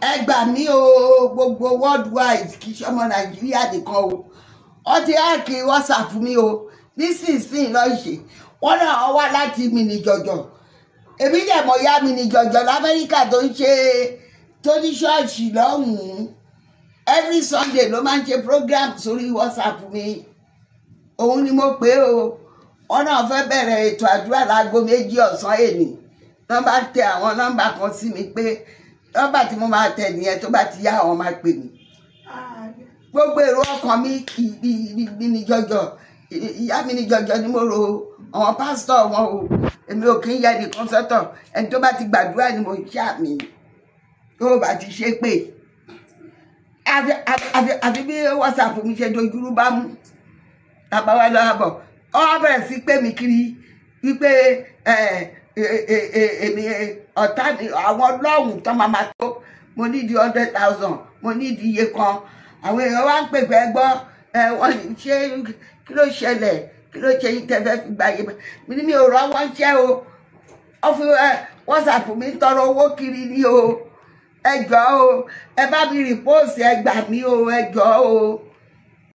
ẹ gbà mí o gbogbo worldwide kì í ṣe ọmọ nàìjíríà nìkan o wọ́n ti háàkì whatsapp mi o nísinsìnyí lọ́ọ́ ṣe wọ́n náà wá láti mìnì jọ̀jọ̀ èmi dẹ̀ mọ̀ ya mìnì jọ̀jọ̀ lamẹ́ríkà tó ń ṣe tó ní ṣọ́ọ̀ṣì lọ́hùn every sunday ló máa ń ṣe program sórí whatsapp mi òun ni mo pè o wọ́n náà fẹ́ bẹ̀rẹ̀ ètò àdúrà láago méjì ọ̀sán èní nọ́mbà tẹ àwọn nọ́mbà kan sí mi pé nọ́mbà tí mo máa tẹ̀ nìyẹn tó bá ti yá àwọn máa pè mí gbogbo èrò ọkàn mi ibi ni jọjọ ìyá mi ni jọjọ ni mo ro àwọn pásítọ̀ wọn o èmi ò kí ń yẹ nìkan sọ́tọ̀ ẹni tó bá ti gbàdúrà ni mo ṣá mi tó bá ti ṣe pé àfi bí whatsapp mi ṣe dojúrú bá mú tàbá wa lọ́wọ́ bọ̀ ọ́ bẹ̀rẹ̀ sí pé mi kiri wípé èmi eh, eh, eh, ọ̀tá mi àwọn ọlọ́run tán máa ma tó mo ní di hundred thousand mo ní di iye kan àwọn èèyàn wá ń pè fẹ́ gbọ́ ẹ wọ́n ní ṣé kí ló ṣẹlẹ̀ kí ló ṣe yín tẹ́fẹ́ fi gba iye mi ní mi ò rọ́ wọ́n ṣẹ́ o wọ́n fi WhatsApp mi tọrọ owó kiri ni o ẹ jọ̀ọ́ o ẹ bá mi rìpọ́ọ̀sì ẹ gbà mí o ẹ jọ̀ọ́ o.